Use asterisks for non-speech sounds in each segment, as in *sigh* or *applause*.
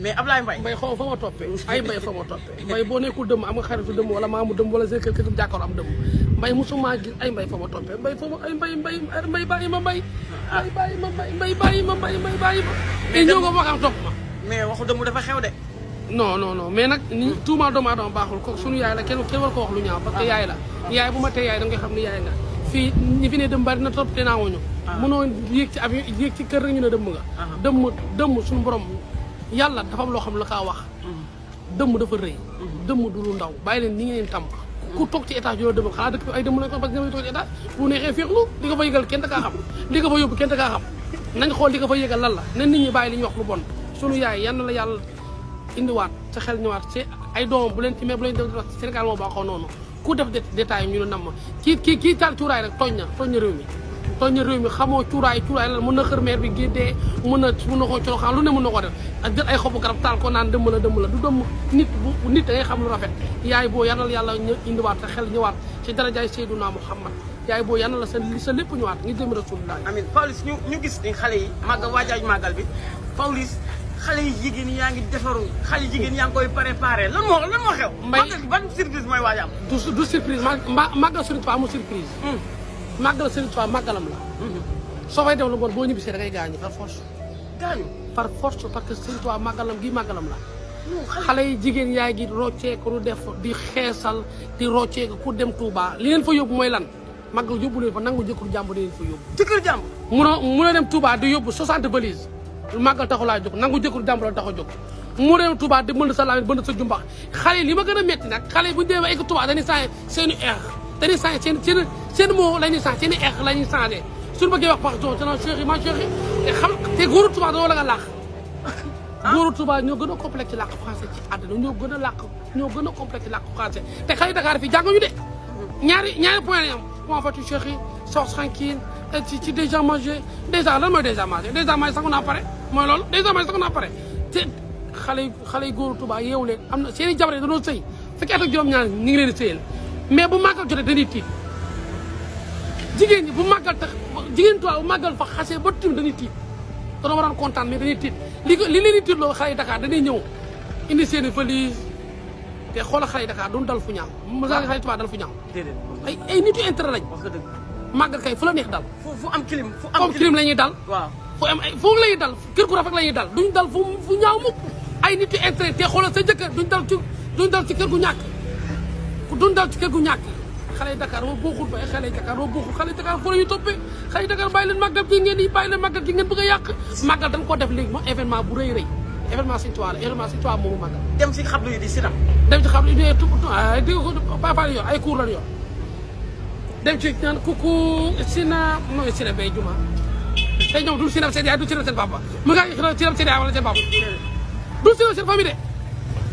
mais Ablaye Mbaye Mbaye xaw ma fa ma toppee ay boo nekkul dëmm am nga xaritu dëmm wala maamu dëmm wala seen kër kër jàkkaarloo am dëmm Mbaye mosuma gis ay Mbaye fa ma i ñëw nga waxam topp ma mais waxu dëmm dafa xew de no non non mais nag ni tuuma doomu aadama baaxul kooku suñu yaay la kenn kenn war ko wax lu ñaaw parce que ah. yaay la yaay bu ma tee yaay da nga xam ne yaay nga fii ñi fi ne dëmm bari na trop te naawuñu ah. mënoo yéeg ci avion ci kër rek ñu ne dëmm nga ah. dëmm dëmm suñu borom yàlla dafa am loo xam la kaa wax dëmm dafa rëy dëmm du lu ndaw bàyyi leen ni ngeen tam ku toog ci étage yoo dëmm xanaa dëkk bi ay dëmm lañ ko parce que fa yëgal kenn da kaa li nga fa yóbbu kenn da kaa xam nañ xool li nga fa yëgal lan na nit ñi bàyyi li ñuy wax lu bon sunu yaay yal na la yàlla indiwaat sa xel ñëwaat ci ay doomam bu leen ci mais bu leen def Sénégal moo baaxoo noonu ku def détail ñu ne nam ma kii kii kii taal cuuraay rek tooñ na tooñ na réew mi tooñ réew mi xamoo cuuraay cuuraay lan mën na xër meer bi géddee mën na mën na koo coroxaan lu ne mën na ko def ak jël ay xobu garab taal ko naan dëmm la dëmm la du dëmm nit bu nit ngay xam lu rafet yaay boo yanal yàlla indiwaat sa xel ñëwaat ci darajaay xam Muhammad yaay boo yanal la sa sa lépp ñëwaat ngi jëm rasulullah amin Pawlish ñu ñu gis ni xale yi màggal waajaaj màggal bi Pawlish xale yi jigéen yaa ngi defaru xale yi jigéen yaa ngi koy préparé lan moo lan moo xew. mbay ban surprise mooy waaj am. du surprise ma màggal surprise amul surprise. Hmm. màggal Serigne Touba màggalam la. soo fay def lu bon boo ñibbisee da ngay gaañu par force. gaañu par force par que Serigne Touba màggalam gi màggalam la. xale yi jigéen yaa ngi rocceeku lu def di xeesal di rocceeku ku dem Touba li leen fa yóbbu mooy lan màggal yóbbu leen fa nangu jëkkër jàmbur di leen fa yóbbu. jëkkër jàmbur. munoo munoo dem Touba di yóbbu 60 valise màggal taxu laa jóg nangu jëkkër jàmbur la tax a jóg. mu réew Touba di bënd sa laamin bënd sa jumbax xale yi li ma gën a metti nag xale yi bu ñu demee ba egg Touba dañuy saa seeni eex dañuy changé seen seen seen mot la ñuy changé seen i ex la ñuy changé suñu bëggee wax pardon te naan Cheikh yi maa Cheikh yi xam te góoru tubaab doo la nga làq. Ah? góoru tubaab ñoo gën a complexe làq français ci àdduna ñoo gën a làq ñoo gën a complexe làq français te xale Dakar fii jànguñu de. ñaari ñaari point lañ am comment vas-tu Cheikh yi sors tranquille ci ci déjà mangé déjà lan mooy déjà mangé déjà mangé sax naa pare mooy loolu déjà mangé sax naa pare te xale xale góoru tubaab yeewu leen am na seen i jabar yi dañoo sëy fekk at ak juróom-ñaar ñu ngi leen di sëyal mais bu màggal jotee dañuy tiit jigéen ñi bu màggal tax jigéen tubaab bu màggal fa xasee ba tim dañuy tiit dana waroon kontaan mais dañuy tiit li li leen di tiitloo xale yi Dakar dañuy ñëw indi seen i valise te xoolal xale yi Dakar duñ dal fu ñaaw masaga xale tubaab dal fu ñaaw ay ay nit yu intérêt lañ màggal kay fu la neex dal fu am clim fu am clim la ñuy dal fu am ay foofu la ñuy dal kër gu rafet la ñuy dal duñ dal fu fu ñaaw mukk ay nit yu intérêt te xoolal sa jëkkër duñ dal ci duñ dal ci kër gu ñàkk dundal ci kër gu ñàkk xale Dakar woo bokkul bay xale Dakar woo bokkul xale Dakar foro yu toppee xale Dakar bàyyi leen màggal gi ngeen yi bàyyi leen màggal gi ngeen bëgg a yàq màggal dañ ko def léegi moom événement bu rëy rëy événement Sëñ Tuubaa la événement Sëñ Tuubaa moomu màggal dem si xablu yi di si dem ci xablu yi di bafal ah, dem ci naan kuku du sina seen yaay du sina seen papa mu nga sina seen yaay wala de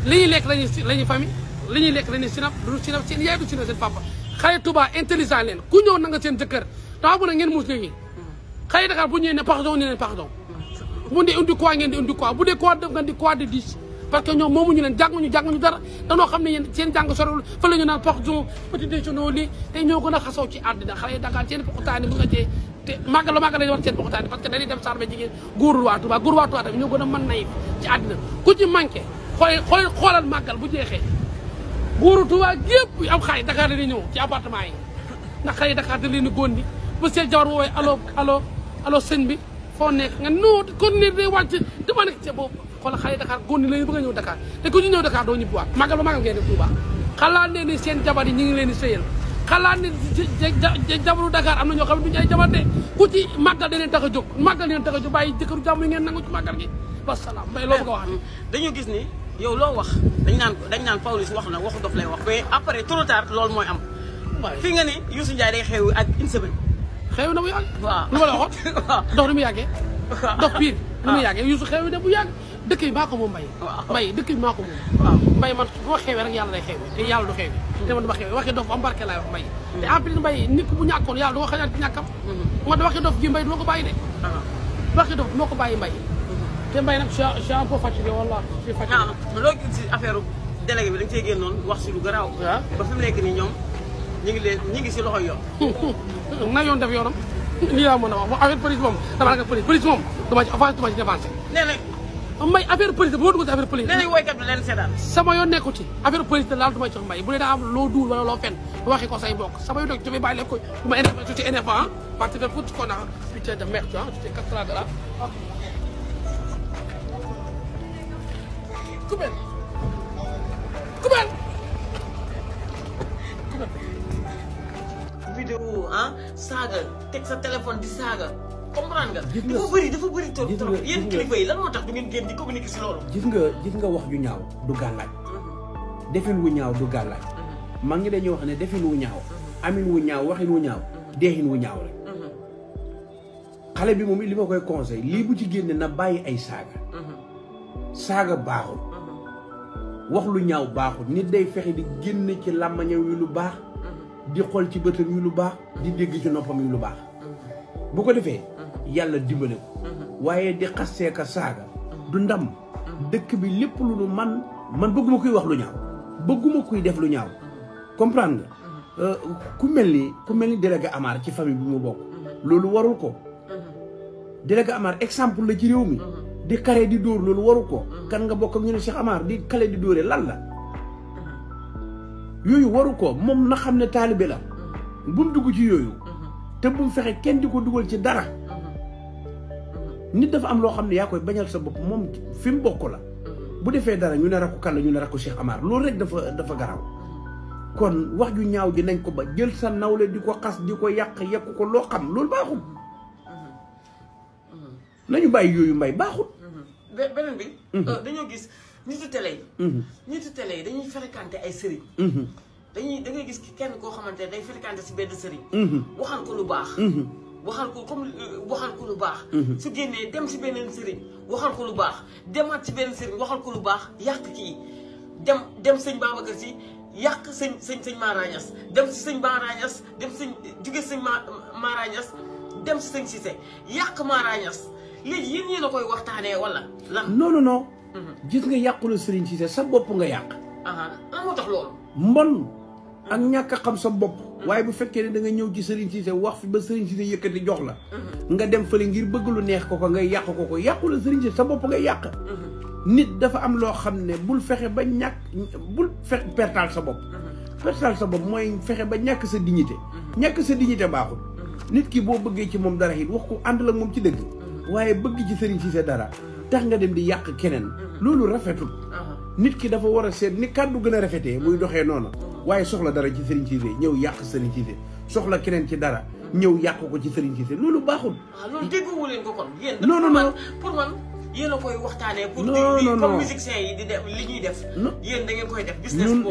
li lekk lañuy famille li ñuy lekk dañuy sinap du sinap seen yaay du sinap seen papa xale Touba intelligent leen ku ñëw na seen jëkkër na ngeen bu ñëwee ne pardon ne leen pardon bu dee ngeen di indi quoi bu dee quoi def di quoi de dix parce que ñoom moomuñu leen jànguñu jànguñu dara danoo xam ne yéen seen jàng sorewul fa ñu naan pardon petit déjeuner lii te ñoo a xasaw ci seen poxutaani bu parce que dañuy dem sarbe jigéen góorul waa Touba góor waa Touba tamit ñoo gën a mën nayib ci àddina ku ci manqué xool buuru Touba yëpp am xaay Dakar dañuy ñëw ci appartement yi ndax xaay Dakar dañ leen a góondi ba seen jabar woowee allo allo allo sëñ bi foo nekk nga noo kon ne day wàcc dama nekk ci boobu xoolal xaay Dakar góondi lañu bëgg a ñëw Dakar te ku ñu ñëw Dakar doo ñibbiwaat màggal ba màggal ngeen def seen jabar yi ñu ngi leen di sëyal xalaat ne jabaru Dakar am na ñoo xam ne duñu ay jabar de tax a jóg leen tax bàyyi jëkkëru jàmm yi ngeen nangu ci màggal gi wasalaam mbay loo bëgg a wax dañu gis ni yow loo wax dañ naan dañ naan Pawlish wax na waxu dof lay wax mais après trop tard loolu mooy am. fi nga ni Youssou Ndiaye day xew ak une semaine. xew na bu yàgg. waaw lu ma la waxoon. *laughs* dox mu yàggee. dox pire ni mu yàggee Youssou xew na bu yàgg. dëkk yi maa ko moom mbay mbay dëkk yi maa ko mbay man bu ma xewee rek yàlla day xewee te yàlla du xewee te man du ma xewee waxee dof am wax mbay hmm. te en plus mbay nit ku bu ñàkkoon yàlla du ko xañaat ci ñàkkam man hmm. waxee dof gi mbay du ma ko bàyyi de ah. waxee dof du ma ko bàyyi mbay Demba nag je suis un peu fatigué wala je suis fatigué. non loo gis si bi dañ cee wax si lu garaaw. ba fi mu nekk ñoom ñu ngi leen ñu ngi si loxoy yoon. na yoon def yoonam lii laa mën a wax moom affaire police moom dama ragal police police moom dama ci avance dama ci police boo dugg si affaire police. nee nañ woykat bi leen sama yoon nekku ci affaire police laal du ma mbay bu dee daa am loo duul wala loo fen waxi ko say mbokk sama yoon nekk ci dafay bàyyi de merde ah tuuti quatre ans de là Kubel Kubel Kubel vidéo ah, saaga teg sa téléphone di saaga comprendre nga dafa bëri dafa bëri trop trop yéen kilifa yi lan moo tax du ngeen génn di communiquer si loolu nga gis nga wax ju ñaaw du gàllaaj mhm. defin wu ñaaw du gàllaaj mhm. maa ngi dañuy wax ne defin wu ñaaw mhm. amin wu ñaaw waxin wu ñaaw deexin wu ñaaw rek xale bi moom li ma koy conseil lii bu ci génne na bàyyi ay saaga saaga baaxul wax lu ñaaw baaxul nit day fexe di génn ci làmmañam wi lu baax mm-hmm. di xool ci bëtam yi lu baax di dégg ci noppam yi lu baax mm-hmm. bu ko defee mm-hmm. yàlla dimbale waaye di xasee saaga du ndam dëkk bi lépp lu nu man man bëgguma kuy wax lu ñaaw bëgguma kuy def lu ñaaw comprendre nga euh, ku mel ni ku mel ni délégué Amar ci famille bi mu bokk loolu warul ko délégué Amar exemple la ci réew mi di kale di dóor loolu waru ko. Mm. kan nga bokk ak ñu ne Cheikh Amar di kale di dóore lan la. Mm. yooyu waru ko moom na xam ne taalibe la. Mm. bu mu dugg ci yooyu. Mm-hmm. te bu mu fexe kenn di ko dugal ci dara. Mm-hmm. nit dafa am loo xam ne yaa koy bañal sa bopp moom fi mu bokk la. Mm-hmm. bu defee dara ñu ne rakku kan la ñu ne rakku Cheikh Amar loolu rek dafa dafa garaw kon wax ju ñaaw ji nañ ko ba jël sa nawle di ko xas di ko yàq yekk ko loo xam loolu baaxul. nañu bàyyi yooyu mbay baaxut. Mhm. beneen bi. Mhm. Euh, dañoo gis nitu télé yi. Mhm. nitu télé yi dañuy fréquenté ay sëriñ. dañuy da ngay gis kenn koo xamante ne day fréquenté si benn sëriñ. waxal ko lu baax. waxal ko comme euh, waxal ko lu baax. su génnee dem si beneen sëriñ waxal ko lu baax demaat si beneen sëriñ waxal ko lu baax yàq kii dem dem sëñ Babacar Si yàq sëñ sëñ sëñ Mara Niass dem si sëñ Mara Niass dem sëñ jóge sëñ Mara Niass dem si sëñ yàq Mara Niass léegi yéen ñii la koy waxtaanee wala lan. non non non. Mhm. gis nga yàqulu Serigne Cissé sa bopp nga yàq. lan moo tax loolu. mbon ak mhm. ñàkk a xam sa bopp. Mhm. waaye bu fekkee ne da nga ñëw ci Serigne Cissé wax fi ba Serigne Cissé yëkkati jox la. nga dem fële ngir bëgg lu neex ko ko nga yàq ko ko yàqulu Serigne Cissé sa bopp nga yàq. nit dafa am loo xam ne bul fexe ba ñàkk bul fex pertaal sa bopp. pertaal sa bopp mooy fexe ba ñàkk sa dignité. ñàkk sa dignité baaxul. nit ki boo bëggee ci moom dara it wax ko ànd la moom ci dëgg. waaye bëgg ci Serigne Cissé dara tax nga dem di yàq keneen loolu rafetul uh-huh. nit ki dafa war a seet ni kàddu gën a rafetee muy doxee noonu waaye soxla dara ci Serigne Cissé ñëw yàq Serigne Cissé soxla keneen ci dara ñëw yàq ko ci Serigne Cissé loolu baaxul. waaw ah, loolu dégguwu leen koy waxtaanee. pour di comme musiciens yi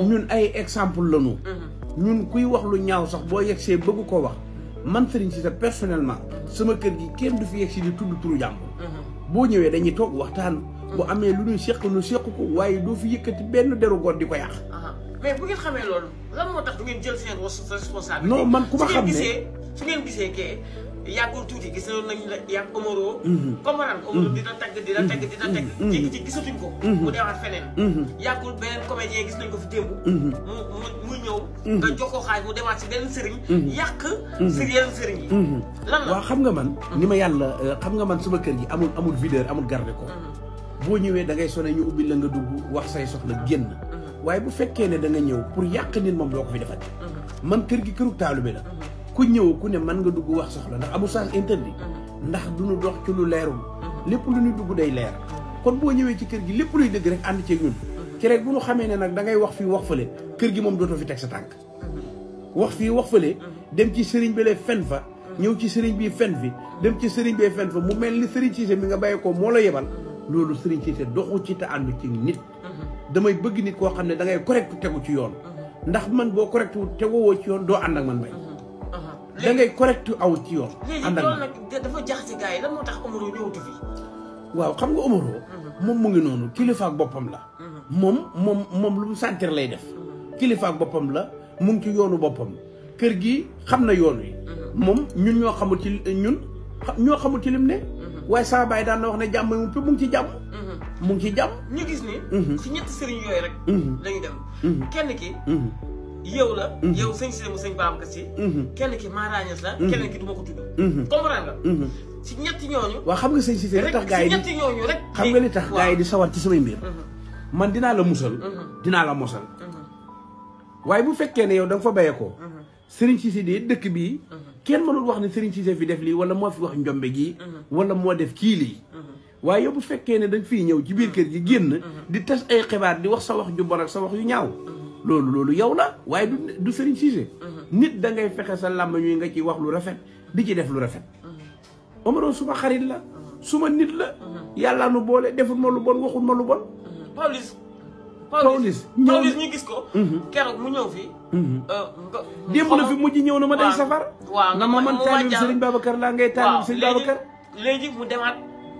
ñun ay exemple la ñu. Mm-hmm. ñun kuy wax lu ñaaw sax boo yegsee bëgg ko wax. man Serigne Cissé personnellement sama kër gi kenn du fi yegg si di tudd turu jàmbur. boo ñëwee dañuy toog waxtaan. bu amee lu ñuy seq nu seq ko waaye doo fi yëkkati benn deru góor di ko yàq. mais bu ngeen xamee loolu la moo tax du ngeen jël seen responsabilité. non man ku ma xam ne su ngeen gisee su ngeen gisee kee yàggul tuuti gis nañ la yàgg Omaro. Mhm. comprendre nga Omaro mhm. dina tagg dina tagg mhm. dina tagg. jékki ci gisatuñ ko. mu demaat feneen. yàggul beneen comédien gis nañ ko fi démb. mu mu mu ñëw. nga jox ko xaaj mu demaat si benn sëriñ. yàq si yeneen sëriñ yi. lan la waaw xam nga man. ni ma yàlla euh, xam nga man suma kër gi amul amul videur amul garde ko boo ñëwee da ngay sone ñu ubbi la nga dugg wax say soxla génn. waaye bu fekkee ne da nga ñëw pour yàq nit moom doo ko fi defati. man kër gi këru taalibe la. ku ñëw ku ne mën nga dugg wax soxla ndax amul sens interdit mm-hmm. ndax du ñu dox ci lu leerul mm-hmm. lépp lu ñu dugg day leer kon boo ñëwee ci kër gi lépp luy dëgg rek ànd ceeg ñun mm-hmm. ci rek bu nu xamee ne nag da ngay wax fii wax fële kër gi moom dootoo fi teg sa tànk wax fii wax fële dem ci sëriñ bi lay fen fa ñëw ci sëriñ bi fen fi dem ci sëriñ bi fen fa mu mel ni sëriñ Cissé bi nga bàyyi ko moo la yebal loolu sëriñ Cissé doxu ci te ànd ci nit damay bëgg nit koo xam ne da ngay correct tegu ci yoon ndax man boo correct wu ci yoon doo ànd ak man da ngay correct aw ci yoon. ànd ak léegi dafa jaxase gars yi lan moo tax Omaro ñëwatu fi. waaw xam nga Omaro. Mhm. moom mu ngi noonu kilifaak boppam la. Mhm. moom moom moom lu mu sentir lay def. Mhm. kilifaak boppam la mu ngi ci yoonu boppam kër gi xam na yoon yi moom ñun ñoo xamul ci ñun ñoo xamul ci lim ne. waaye saa baay daan na wax ne jàmm mu mu ngi ci jàmm. mu ngi ci jàmm. ñu gis ni. si ñetti sëriñ yooyu rek. lañu dem. kenn ki. yow la. Mhm. yow sëñ si mu sëñ baam ka si. kenn ki maaraañas la. Mhm. keneen ki du ma ko tudd. Mhm. comprendre nga. si ñetti ñooñu. waaw xam nga sëñ si li tax gars yi ñetti ñooñu rek. xam nga li tax gars yi di sawar ci samay mbir. man dinaa la musal. dinaa la mosal. waaye bu fekkee ne yow da nga fa béyeekoo. Serigne Cissé de dëkk bii. kenn mënul wax ne Serigne Cissé fi def lii wala moo fi wax njombe gii. wala moo def kii lii. waaye yow bu fekkee ne dañ fiy ñëw ci biir kër gi génn. di tas ay xibaar di wax sa wax ju bon ak sa wax yu ñaaw. loolu loolu yow la waaye du du Serigne mhm. nit da ngay fexe sa làmb ñuy nga ci wax lu rafet di ci def lu rafet. Mhm. Omaro suma xarit la mhm. suma nit la. yàllaa nu boole deful ma lu bon waxul ma lu bon. Pawlish. Pawlish Pawlish ñu gis ko. keroog mu ñëw fii. Euh, démb na fi mujj ñëw na ma day safar. waaw nga ma man taalib Serigne Babacar laa ngay taalib Serigne Babacar. léegi mu demaat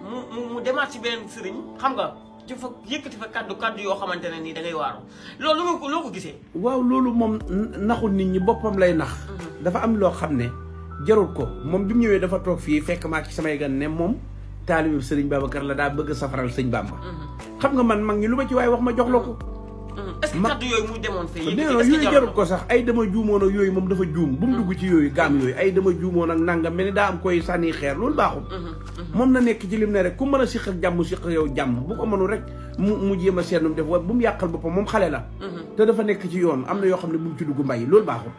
mu mu demaat ci beneen sëriñ xam nga. dafa yëkkati fa kaddu kaddu yoo xamante ne nii da ngay waaru loolu ko loo ko gisee. waaw loolu moom naxul nit ñi boppam lay nax. Mm-hmm. dafa am loo xam ne jarul ko moom bi mu ñëwee dafa toog fii fekk maa ci samay gan ne moom taalibu Serigne kar la daa bëgg safaral sëñ Bamba. Mm-hmm. xam nga man mag ñi lu ma ci waaye wax ma jox la ko. est-ce que kaddu yooyu muy demoon fee yéen ko sax ay dama juumoon ak yooyu moom dafa juum bu mu dugg ci yooyu gaam yooyu ay dama juumoon ak nangam mel ni daa am koy sànni xeer loolu baaxul mm-hmm, mm-hmm. moom na nekk ci lim ne rek ku mën a siq ak jàmm siq yow jàmm bu ko rek mu mu jéem a seetnum def wa bu mu yàqal boppam moom xale la mm-hmm. te dafa nekk ci yoon am na yoo xam ne bu mu ci dugg mbay loolu baaxul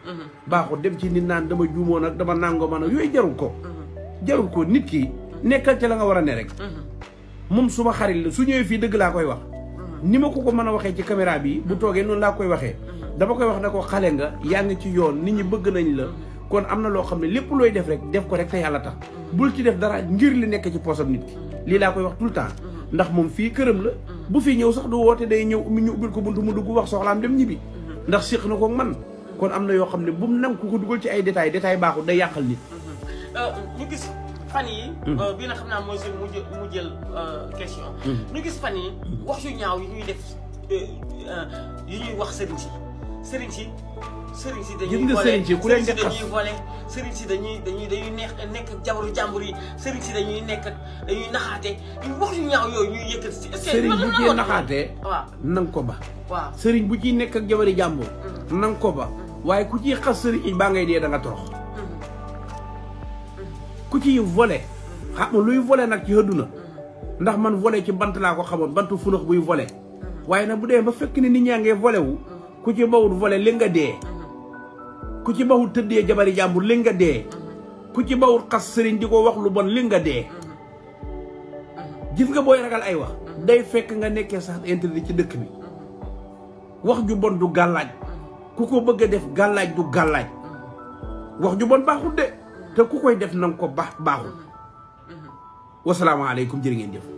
baaxul dem ci nit naan dama juumoon ak dama nàngoo man yooyu jarul ko jarul ko nit ki nekkal ca la nga war a ne rek moom suma xarit la su ñëwee fii dëgg laa koy wax ni ma ko ko mën a waxee ci caméra bi bu toogee noonu laa koy waxee mm-hmm. dama koy wax na ko xale nga yàng ci yoon nit ñi bëgg nañ la mm-hmm. kon am na loo xam ne lépp looy def rek def ko rek te yàlla tax mm-hmm. bul ci def dara ngir li nekk ci poosam nit ki lii laa koy wax tout temps ndax moom fii këram la bu fi ñëw sax du woote day ñëw mi ñu ubbil ko buntu mu dugg wax soxlaam dem ñibbi ndax séq na ko man kon am na yoo xam ne bu mu nangu ko dugal ci ay détails détails baaxul day yàqal nit euh, ñu gis fan yi hmm. euh, bii na xam naa mooy seen mujj mujjël euh, question nu hmm. gis fan yi wax yu ñaaw yi ñuy def euh, wax sëriñ si sëriñ si sëriñ si dañuy volé sëriñ si dañuy volé dañuy dañuy dañuy neex nekk ak jabaru jàmbur yi sëriñ si dañuy nekk dañuy naxaate wax yu ñaaw sëriñ bu ciy naxaatee waaw ko ba waaw sëriñ bu ciy nekk ak jabaru jàmbur hmm. nanga ko ba waaye ku ji xas sëriñ yi baa ngay dee da nga torox ku ci volé xam luy volé nag ci àdduna ndax man volé ci bant laa ko xamoon bantu funax buy volé waaye nag bu dee ba fekk ni nit ñaa ngee volé wu ku ci bawut volé li nga dee ku ci bawut tëddee jabari jàmbur li nga dee ku ci bawut xas sëriñ di ko wax lu bon li nga dee gis nga booy ragal ay wax day fekk nga nekkee sax interdit ci dëkk bi wax ju bon du gàllaaj ku ko bëgg a def gàllaaj du gàllaaj wax ju bon baaxul de te ku koy def na nga ko baax baaxul mm-hmm. Mm-hmm. wasalaamaaleykum jërë ngeen jëf